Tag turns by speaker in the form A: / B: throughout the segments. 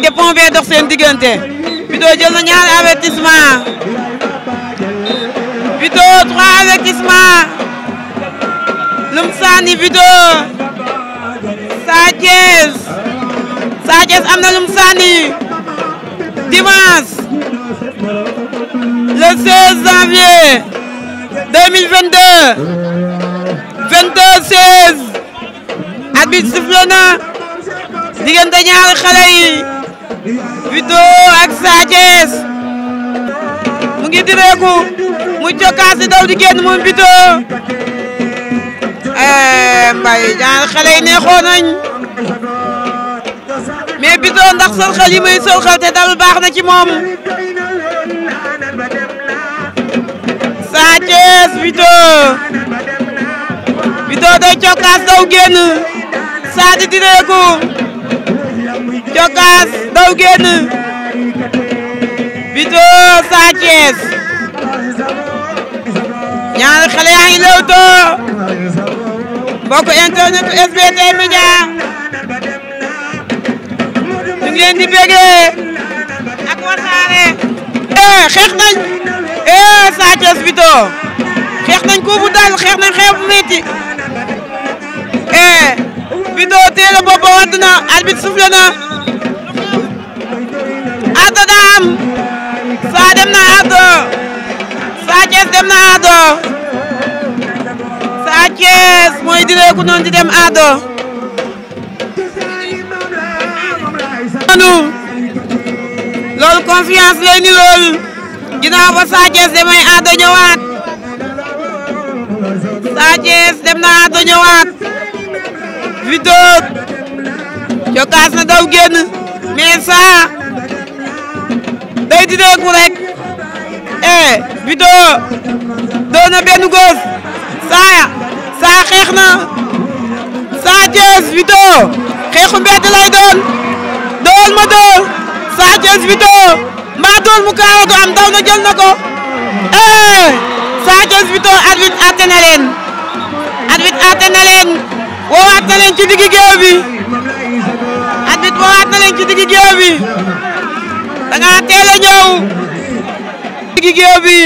A: te pont bee dox seen diggante Vito jël na ñaari avertissement Vito trois avertissement lum sànni Vito Sa Thiès Sa Thiès am na lum sànni arbitre sifflé na diggante ñaari xale yi ak Sa mu ngi mu cokkaas di daw di génn moom Vito eh, mbay ñaari xale yi neexoon nañ ndax solxal yi may solxal te dal baax na ci moom Sa Thiès Vito Vito cokkaas daw génn Sadio direeku Cokaas daw génn Bito Sa Thiès ñaari xale yaa ngi lewtoo mbokk internet SBT Media ñu ngi leen di bégee ak wasaare eh, xeex nañ eh Sa Thiès xeex nañ ko dal xeex nañ xeex bu Arbitre téye na bopp ba wadd na arbitre soufflé na dem na ardo Sa dem na ardo Sa Thiès mooy direeku noonu di dem ardo loolu confiance lay ni loolu ginnaaw ba Sa Thiès demay ardo ñëwaat Sa dem na ardo ñëwaat Victor Jokaas na daw génn mais saa day dideeku rek eh Victor doon na benn góos saa saa xeex na saa Thiès Victor xeexu mbedd lay doon doon ma door saa Thiès Victor mbaa doon mu kaaw du am daw na jël na ko eh saa Thiès Victor arbitre àtte na leen arbitre àtte na leen. woowaat na leen ci diggi géew bi arbit woowaat na leen ci diggi géew bi da nga teel a ñëw bi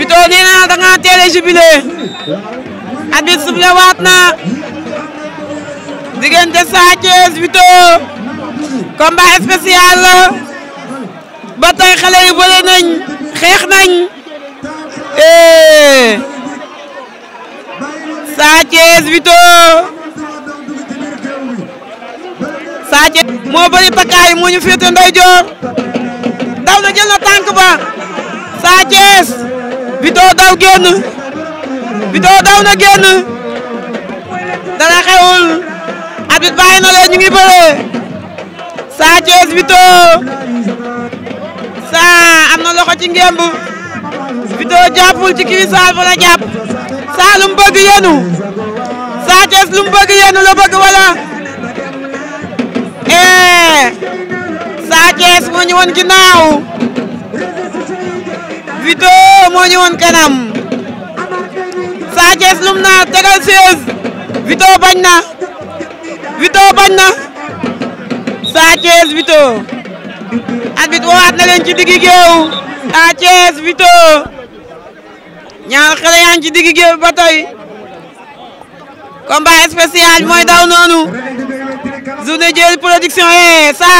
A: Vito nee na da nga teel a jubilé na diggante Sa Thiès Vito combat spécial la ba tey xale yi bëre nañ xeex eh. Sa Thiès Vito Sa Thiès moo bëri takkaay moo ñu féete ndeyjoor daw na jël na tànk ba Sa Thiès Vito daw génn Vito daw na génn dara xewul arbitre bàyyi na leen ñu ngi bëre Sa saa am na loxo ci ngemb Vito jàppul ci kirisaal fa la jàpp saa lu mu bëgg yenu Sa Thiès lu mu yenu la bëgg wala ee eh, Sa Thiès moo ñu woon ginnaaw moo ñu kanam Sa Thiès lum naa tegal seize Vito bañ na Vito bañ na Sa Thiès Vito arbitre woowaat na leen ci diggi géew Sa Thiès ñaar xale yaa ngi ci digg géew ba tey combat spécial mooy daw noonu journée Diel production eh sa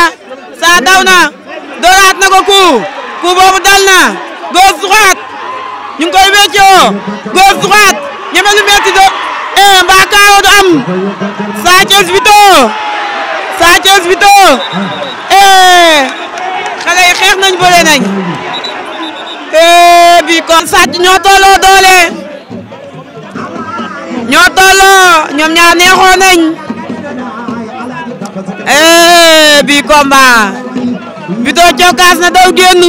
A: sa daw na dooraat na ko coup coup boobu dal na gauche droite ñu ngi koy wéccoo gauche droite ñeme lu metti do eh mbaa kaawoo am Sa Thiès Vito Sa Thiès Vito eh xale nañ bëre nañ bi kon sàcc doole ñoo tolloo ñoom ñaar neexoo nañ eh bi combat cokaas na daw génn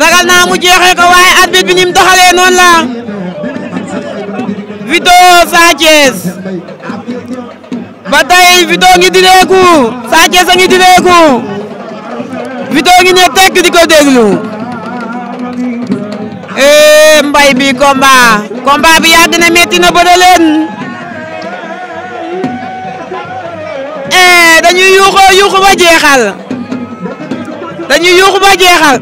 A: ragal naa mu jeexee ko waaye arbitre bi ñim doxalee noonu la Vito Sa Thiès ba tey Vito ngi a Vito ngi ne tekk di ko déglu eh, mbay bi combat combat bi yàgg na metti na bëre leen eh, dañuy yuuxoo yuuxu ba jeexal dañuy yuuxu ba jeexal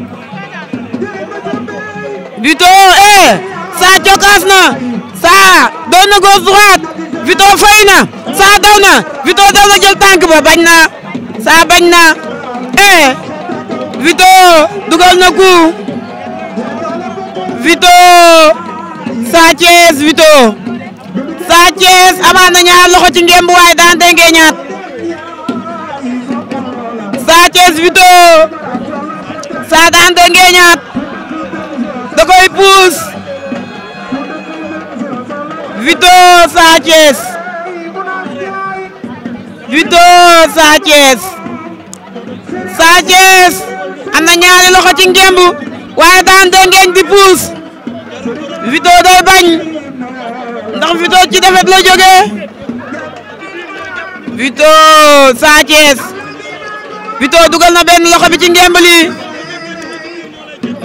A: Vito eh, saa cokaas na saa doon na gauche droite Vito fay na saa daw na Vito daw na jël tànk ba bañ na saa bañ na eh Vito dugal na coup Vito Sa Thiès Vito na ñaar loxo ci ngemb waaye daan dengee ñaat Sa Thiès saa daan dengee ñaat da koy puus Vito Sa Thiès Vito am na ñaari loxo ci ngemb waaye daan de di puus Vito day bañ ndax Vito ci defet la jógee Vito Sa Thiès dugal na benn loxo bi ci ngemb li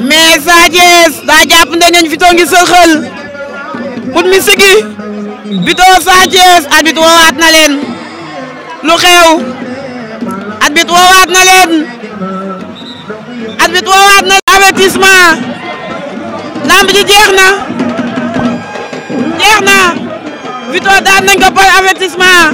A: mais Sa daa jàpp ndegeñ Vito ngi sëxal put mi sigi Vito Sa Thiès arbitre na leen lu xew arbitre woowaat na leen arbitre woowaat na avertissement lamb ji jeex na jeex na Vito daan nañ ko par avertissement